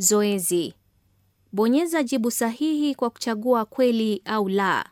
Zoezi: bonyeza jibu sahihi kwa kuchagua kweli au la.